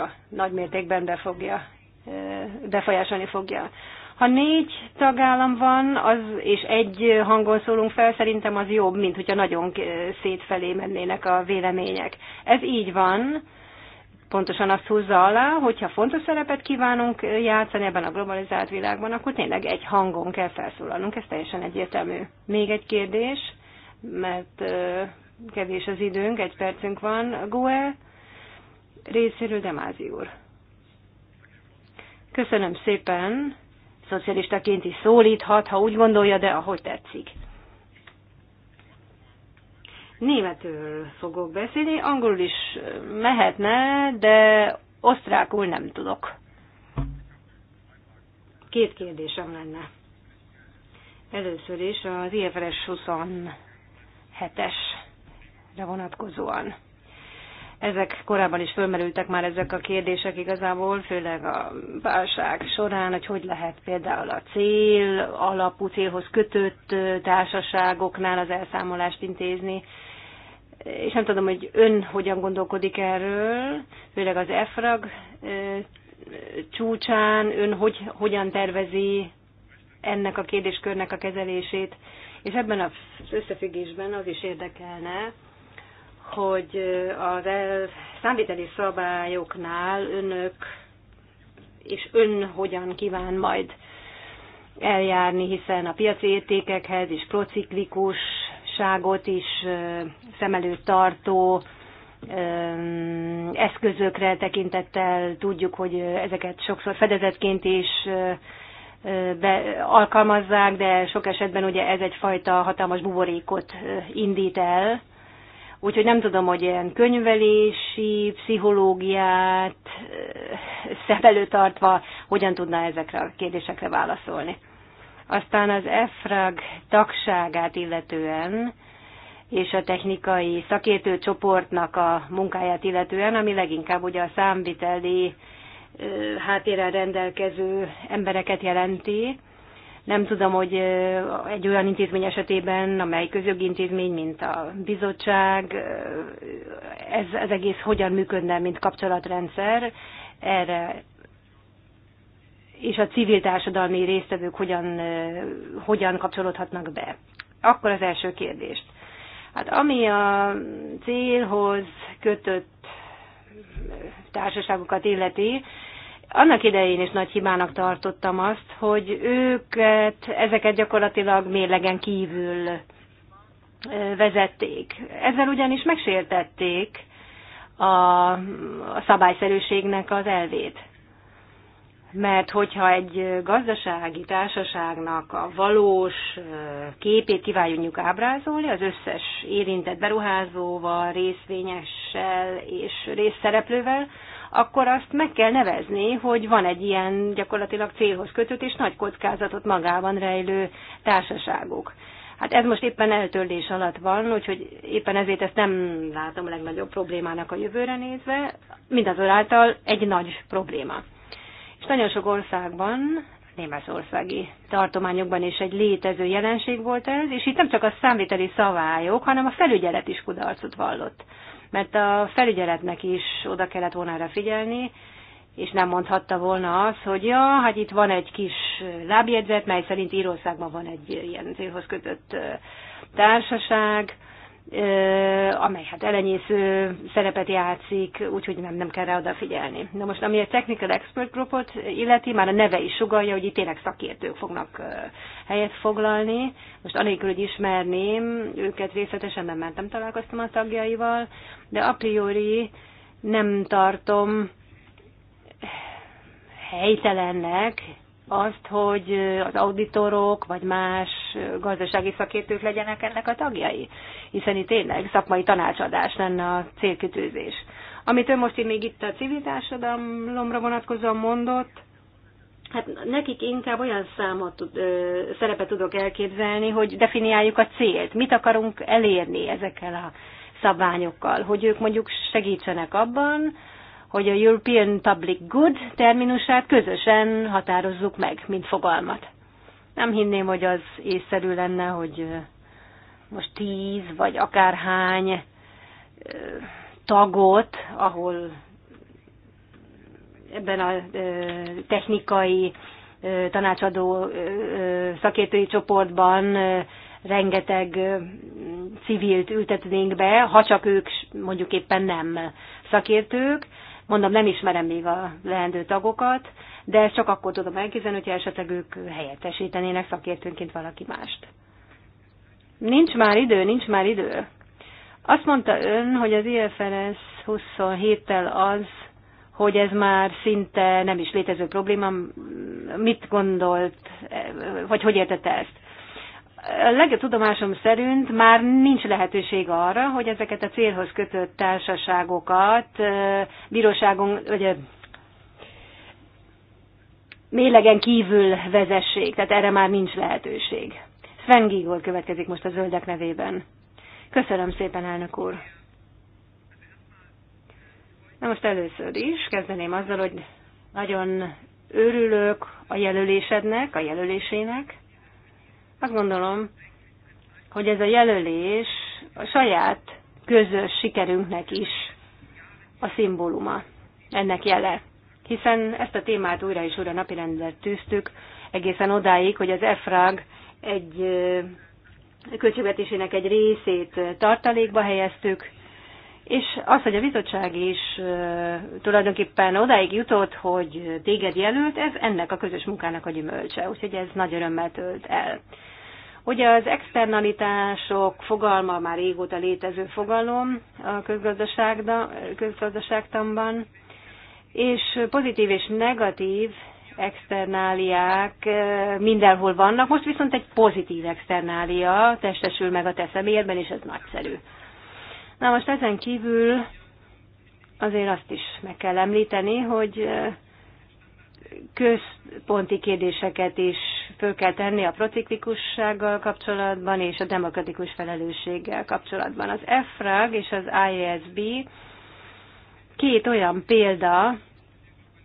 számára nagy mértékben befogja, befolyásolni fogja. Ha négy tagállam van, az, és egy hangon szólunk fel, szerintem az jobb, mint hogyha nagyon szétfelé mennének a vélemények. Ez így van, pontosan azt húzza alá, hogyha fontos szerepet kívánunk játszani ebben a globalizált világban, akkor tényleg egy hangon kell felszólalnunk, ez teljesen egyértelmű. Még egy kérdés, mert kevés az időnk, egy percünk van. Goe részéről Demázi úr. Köszönöm szépen, szocialistaként is szólíthat, ha úgy gondolja, de ahogy tetszik. Németül fogok beszélni, angolul is mehetne, de osztrákul nem tudok. Két kérdésem lenne. Először is az IFRS 27-esre vonatkozóan. Ezek korábban is fölmerültek már ezek a kérdések igazából, főleg a válság során, hogy hogy lehet például a cél alapú célhoz kötött társaságoknál az elszámolást intézni. És nem tudom, hogy ön hogyan gondolkodik erről, főleg az EFRAG csúcsán, ön hogy, hogyan tervezi ennek a kérdéskörnek a kezelését, és ebben az összefüggésben az is érdekelne, hogy a számviteli szabályoknál önök és ön hogyan kíván majd eljárni, hiszen a piaci értékekhez és prociklikusságot is szem előtt tartó eszközökre tekintettel tudjuk, hogy ezeket sokszor fedezetként is be, alkalmazzák, de sok esetben ugye ez egyfajta hatalmas buborékot indít el, Úgyhogy nem tudom, hogy ilyen könyvelési, pszichológiát eh, szem tartva hogyan tudná ezekre a kérdésekre válaszolni. Aztán az EFRAG tagságát illetően, és a technikai szakértő csoportnak a munkáját illetően, ami leginkább ugye a számviteli eh, háttérrel rendelkező embereket jelenti, nem tudom, hogy egy olyan intézmény esetében, amely közjogi intézmény, mint a bizottság, ez, ez egész hogyan működne, mint kapcsolatrendszer, erre és a civil társadalmi résztvevők hogyan, hogyan kapcsolódhatnak be. Akkor az első kérdést. Hát ami a célhoz kötött társaságokat illeti, annak idején is nagy hibának tartottam azt, hogy őket, ezeket gyakorlatilag mérlegen kívül vezették. Ezzel ugyanis megsértették a, a szabályszerűségnek az elvét. Mert hogyha egy gazdasági társaságnak a valós képét kívánjuk ábrázolni, az összes érintett beruházóval, részvényessel és részszereplővel, akkor azt meg kell nevezni, hogy van egy ilyen gyakorlatilag célhoz kötött és nagy kockázatot magában rejlő társaságuk. Hát ez most éppen eltörlés alatt van, úgyhogy éppen ezért ezt nem látom a legnagyobb problémának a jövőre nézve, mindazonáltal egy nagy probléma. És nagyon sok országban, németországi tartományokban is egy létező jelenség volt ez, és itt nem csak a számviteli szabályok, hanem a felügyelet is kudarcot vallott mert a felügyeletnek is oda kellett volna erre figyelni, és nem mondhatta volna azt, hogy ja, hát itt van egy kis lábjegyzet, mely szerint Írországban van egy ilyen célhoz kötött társaság, amely hát elenyésző szerepet játszik, úgyhogy nem, nem kell rá odafigyelni. Na most, ami a Technical Expert Groupot illeti, már a neve is sugalja, hogy itt tényleg szakértők fognak helyet foglalni. Most anélkül, hogy ismerném őket részletesen, nem mentem találkoztam a tagjaival, de a priori nem tartom helytelennek, azt, hogy az auditorok vagy más gazdasági szakértők legyenek ennek a tagjai, hiszen itt tényleg szakmai tanácsadás lenne a célkütőzés. Amit ő most még itt a civil társadalomra vonatkozóan mondott, hát nekik inkább olyan számot, ö, szerepet tudok elképzelni, hogy definiáljuk a célt, mit akarunk elérni ezekkel a szabványokkal, hogy ők mondjuk segítsenek abban, hogy a European Public Good terminusát közösen határozzuk meg, mint fogalmat. Nem hinném, hogy az észszerű lenne, hogy most tíz vagy akárhány tagot, ahol ebben a technikai tanácsadó szakértői csoportban rengeteg civilt ültetnénk be, ha csak ők mondjuk éppen nem szakértők, Mondom, nem ismerem még a leendő tagokat, de ezt csak akkor tudom elképzelni, hogyha esetleg ők helyettesítenének szakértőnként valaki mást. Nincs már idő, nincs már idő. Azt mondta ön, hogy az IFRS 27-tel az, hogy ez már szinte nem is létező probléma. Mit gondolt, vagy hogy értette ezt? legjobb tudomásom szerint már nincs lehetőség arra, hogy ezeket a célhoz kötött társaságokat bíróságon, vagy mélegen kívül vezessék, tehát erre már nincs lehetőség. Sven Gigol következik most a zöldek nevében. Köszönöm szépen, elnök úr! Na most először is kezdeném azzal, hogy nagyon örülök a jelölésednek, a jelölésének, azt gondolom, hogy ez a jelölés a saját közös sikerünknek is a szimbóluma, ennek jele. Hiszen ezt a témát újra és újra napirendre tűztük, egészen odáig, hogy az EFRAG egy költségvetésének egy részét tartalékba helyeztük, és az, hogy a bizottság is tulajdonképpen odáig jutott, hogy téged jelölt, ez ennek a közös munkának a gyümölcse, úgyhogy ez nagy örömmel tölt el. Ugye az externalitások fogalma már régóta létező fogalom a közgazdaságtanban, és pozitív és negatív externáliák mindenhol vannak, most viszont egy pozitív externália testesül meg a te személyedben, és ez nagyszerű. Na most ezen kívül azért azt is meg kell említeni, hogy központi kérdéseket is föl kell tenni a prociklikussággal kapcsolatban és a demokratikus felelősséggel kapcsolatban. Az EFRAG és az ISB két olyan példa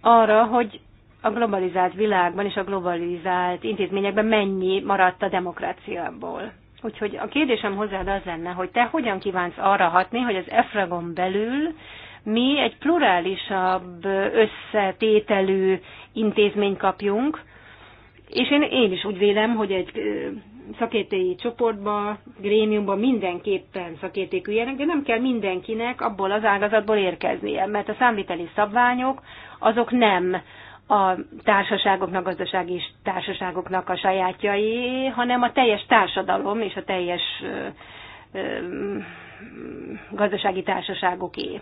arra, hogy a globalizált világban és a globalizált intézményekben mennyi maradt a demokráciából. Úgyhogy a kérdésem hozzád az lenne, hogy te hogyan kívánsz arra hatni, hogy az EFRAGON belül mi egy plurálisabb összetételű intézmény kapjunk, és én, én is úgy vélem, hogy egy szakértői csoportba, grémiumba mindenképpen szakértékű ilyenek, de nem kell mindenkinek abból az ágazatból érkeznie, mert a számviteli szabványok azok nem a társaságoknak, gazdasági társaságoknak a sajátjai, hanem a teljes társadalom és a teljes gazdasági társaságoké.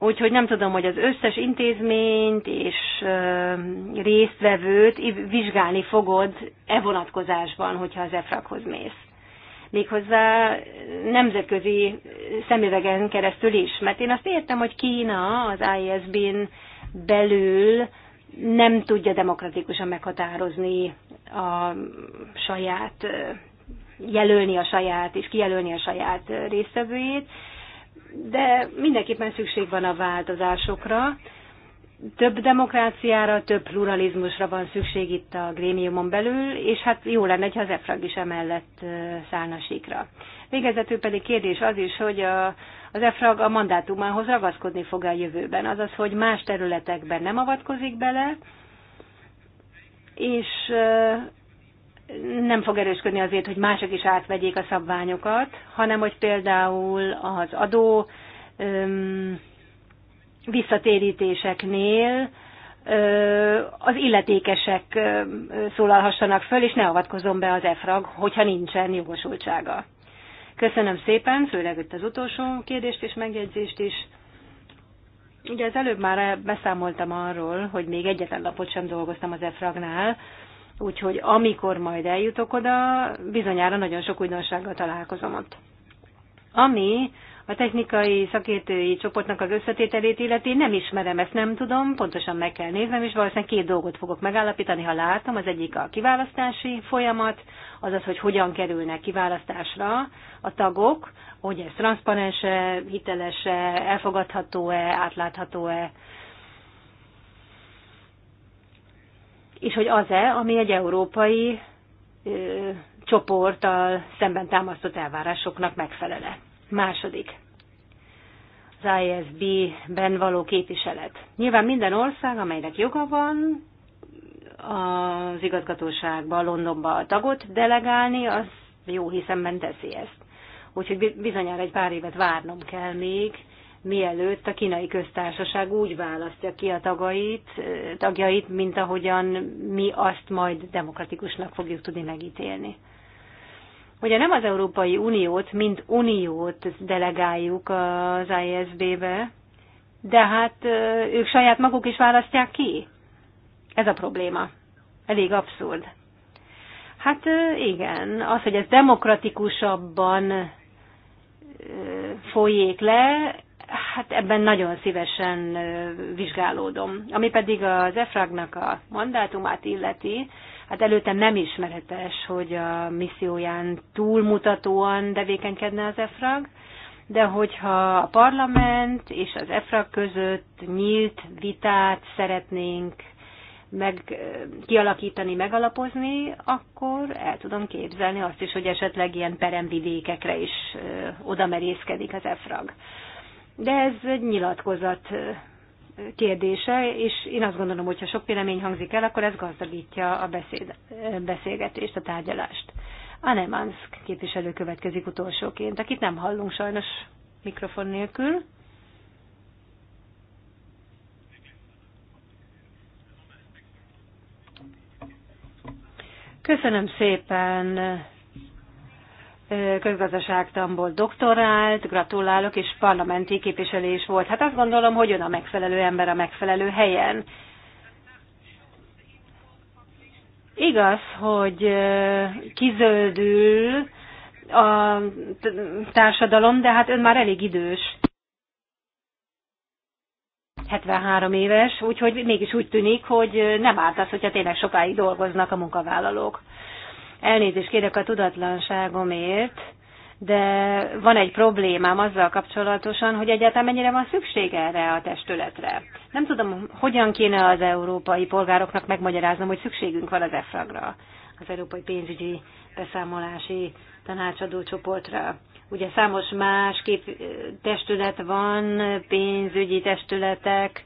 Úgyhogy nem tudom, hogy az összes intézményt és résztvevőt vizsgálni fogod e vonatkozásban, hogyha az EFRAG-hoz mész. Méghozzá nemzetközi szemüvegen keresztül is, mert én azt értem, hogy Kína az ISB-n belül nem tudja demokratikusan meghatározni a saját, jelölni a saját és kijelölni a saját résztvevőjét, de mindenképpen szükség van a változásokra, több demokráciára, több pluralizmusra van szükség itt a grémiumon belül, és hát jó lenne, ha az EFRAG is emellett szállna síkra. Végezetül pedig kérdés az is, hogy a, az EFRAG a mandátumához ragaszkodni fog a jövőben, azaz, hogy más területekben nem avatkozik bele, és nem fog erősködni azért, hogy mások is átvegyék a szabványokat, hanem hogy például az adó öm, visszatérítéseknél az illetékesek szólalhassanak föl, és ne avatkozom be az EFRAG, hogyha nincsen jogosultsága. Köszönöm szépen, főleg itt az utolsó kérdést és megjegyzést is. Ugye az előbb már beszámoltam arról, hogy még egyetlen lapot sem dolgoztam az EFRAG-nál, úgyhogy amikor majd eljutok oda, bizonyára nagyon sok újdonsággal találkozom ott. Ami a technikai szakértői csoportnak az összetételét illeti nem ismerem, ezt nem tudom, pontosan meg kell néznem, és valószínűleg két dolgot fogok megállapítani, ha látom. Az egyik a kiválasztási folyamat, azaz, hogy hogyan kerülnek kiválasztásra a tagok, hogy ez transzparense, hiteles elfogadható-e, átlátható-e, és hogy az-e, ami egy európai ö, csoporttal szemben támasztott elvárásoknak megfelele. Második, az ISB-ben való képviselet. Nyilván minden ország, amelynek joga van, az igazgatóságba, Londonba a tagot delegálni, az jó hiszemben teszi ezt. Úgyhogy bizonyára egy pár évet várnom kell még, mielőtt a kínai köztársaság úgy választja ki a tagait, tagjait, mint ahogyan mi azt majd demokratikusnak fogjuk tudni megítélni. Ugye nem az Európai Uniót, mint Uniót delegáljuk az ISB-be, de hát ők saját maguk is választják ki. Ez a probléma. Elég abszurd. Hát igen, az, hogy ez demokratikusabban folyék le, hát ebben nagyon szívesen vizsgálódom. Ami pedig az EFRAG-nak a mandátumát illeti, hát előttem nem ismeretes, hogy a misszióján túlmutatóan devékenykedne az EFRAG, de hogyha a parlament és az EFRAG között nyílt vitát szeretnénk meg, kialakítani, megalapozni, akkor el tudom képzelni azt is, hogy esetleg ilyen peremvidékekre is oda merészkedik az EFRAG. De ez egy nyilatkozat kérdése, és én azt gondolom, hogy ha sok vélemény hangzik el, akkor ez gazdagítja a beszéd, beszélgetést, a tárgyalást. Anemansk képviselő következik utolsóként, akit nem hallunk sajnos mikrofon nélkül. Köszönöm szépen közgazdaságtamból doktorált, gratulálok, és parlamenti képviselés volt. Hát azt gondolom, hogy ön a megfelelő ember a megfelelő helyen. Igaz, hogy kizöldül a társadalom, de hát ön már elég idős. 73 éves, úgyhogy mégis úgy tűnik, hogy nem árt az, hogyha tényleg sokáig dolgoznak a munkavállalók. Elnézést kérek a tudatlanságomért, de van egy problémám azzal kapcsolatosan, hogy egyáltalán mennyire van szükség erre a testületre. Nem tudom, hogyan kéne az európai polgároknak megmagyaráznom, hogy szükségünk van az EFRAG-ra, az Európai Pénzügyi Beszámolási Tanácsadó Csoportra. Ugye számos más kép testület van, pénzügyi testületek,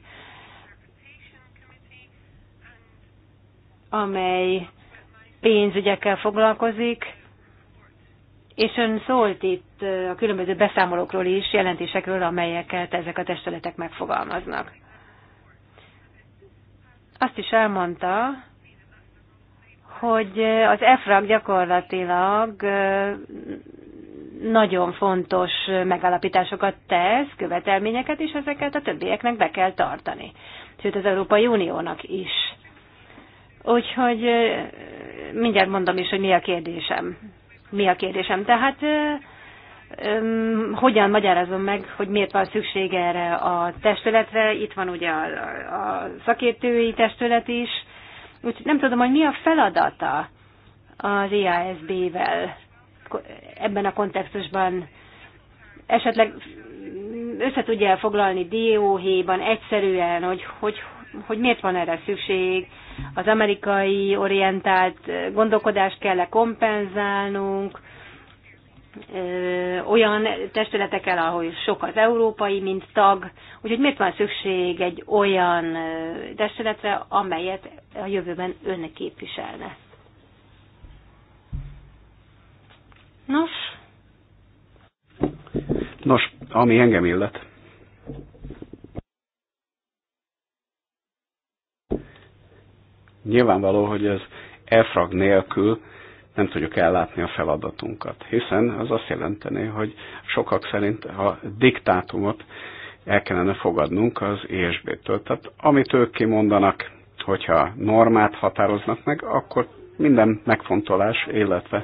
amely pénzügyekkel foglalkozik, és ön szólt itt a különböző beszámolókról is, jelentésekről, amelyeket ezek a testületek megfogalmaznak. Azt is elmondta, hogy az EFRAG gyakorlatilag nagyon fontos megalapításokat tesz, követelményeket, és ezeket a többieknek be kell tartani. Sőt, az Európai Uniónak is. Úgyhogy mindjárt mondom is, hogy mi a kérdésem. Mi a kérdésem. Tehát hogyan magyarázom meg, hogy miért van szüksége erre a testületre. Itt van ugye a, a szakértői testület is. Úgyhogy nem tudom, hogy mi a feladata az IASB-vel ebben a kontextusban. Esetleg össze tudja foglalni dióhéjban egyszerűen, hogy, hogy hogy miért van erre szükség, az amerikai orientált gondolkodást kell-e kompenzálnunk, olyan testületekkel, ahol sok az európai, mint tag, úgyhogy miért van szükség egy olyan testületre, amelyet a jövőben ön képviselne? Nos? Nos, ami engem illet, Nyilvánvaló, hogy ez elfrag nélkül nem tudjuk ellátni a feladatunkat, hiszen az azt jelenteni, hogy sokak szerint a diktátumot el kellene fogadnunk az ESB-től. Tehát amit ők kimondanak, hogyha normát határoznak meg, akkor minden megfontolás, illetve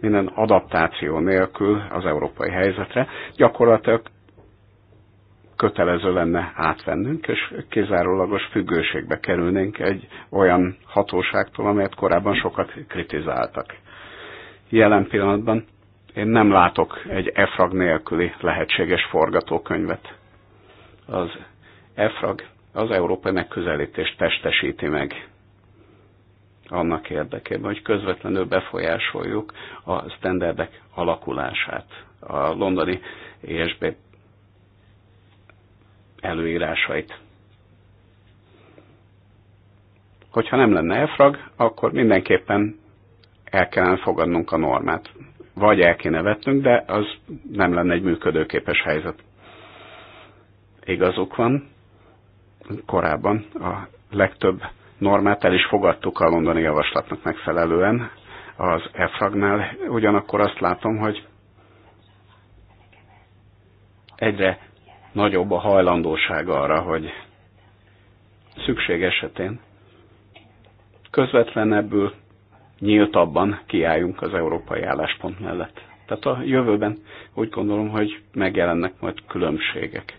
minden adaptáció nélkül az európai helyzetre gyakorlatilag kötelező lenne átvennünk, és kizárólagos függőségbe kerülnénk egy olyan hatóságtól, amelyet korábban sokat kritizáltak. Jelen pillanatban én nem látok egy EFRAG nélküli lehetséges forgatókönyvet. Az EFRAG az európai megközelítést testesíti meg annak érdekében, hogy közvetlenül befolyásoljuk a standardek alakulását. A londoni ESB előírásait. Hogyha nem lenne EFRAG, akkor mindenképpen el kellene fogadnunk a normát. Vagy el kéne vettünk, de az nem lenne egy működőképes helyzet. Igazuk van, korábban a legtöbb normát el is fogadtuk a londoni javaslatnak megfelelően az EFRAG-nál. Ugyanakkor azt látom, hogy egyre nagyobb a hajlandóság arra, hogy szükség esetén közvetlenebbül, nyíltabban kiálljunk az európai álláspont mellett. Tehát a jövőben úgy gondolom, hogy megjelennek majd különbségek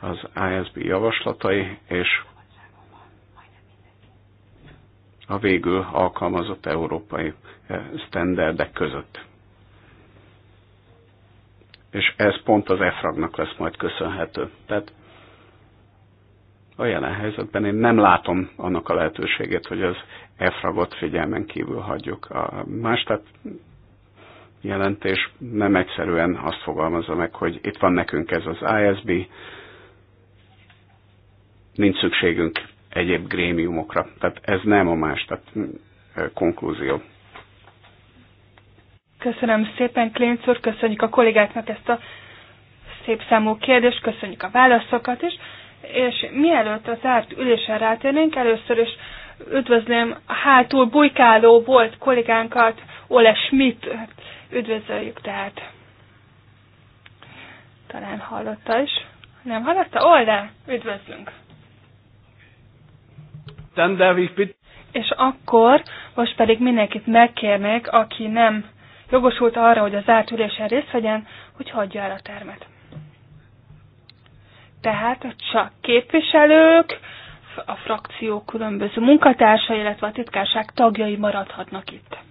az ISB javaslatai és a végül alkalmazott európai eh, standardek között és ez pont az EFRAG-nak lesz majd köszönhető. Tehát a jelen helyzetben én nem látom annak a lehetőségét, hogy az EFRAG-ot figyelmen kívül hagyjuk. A más tehát jelentés nem egyszerűen azt fogalmazza meg, hogy itt van nekünk ez az ISB, nincs szükségünk egyéb grémiumokra. Tehát ez nem a más, tehát konklúzió. Köszönöm szépen, Klinc úr, köszönjük a kollégáknak ezt a szép számú kérdést, köszönjük a válaszokat is, és mielőtt az árt ülésen rátérnénk, először is üdvözlöm a hátul bujkáló volt kollégánkat, Ole Schmidt, üdvözöljük tehát. Talán hallotta is. Nem hallotta? Ole, üdvözlünk. És akkor most pedig mindenkit megkérnék, aki nem jogosult arra, hogy a zárt ülésen részt vegyen, hogy hagyja el a termet. Tehát csak képviselők, a frakció különböző munkatársai, illetve a titkárság tagjai maradhatnak itt.